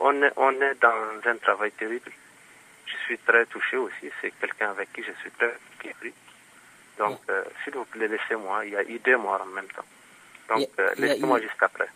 on est, on est dans un travail terrible. Je suis très touché aussi. C'est quelqu'un avec qui je suis très guéri. Donc, euh, s'il vous plaît, laissez-moi. Il y a eu deux morts en même temps. Donc, euh, laissez-moi juste après.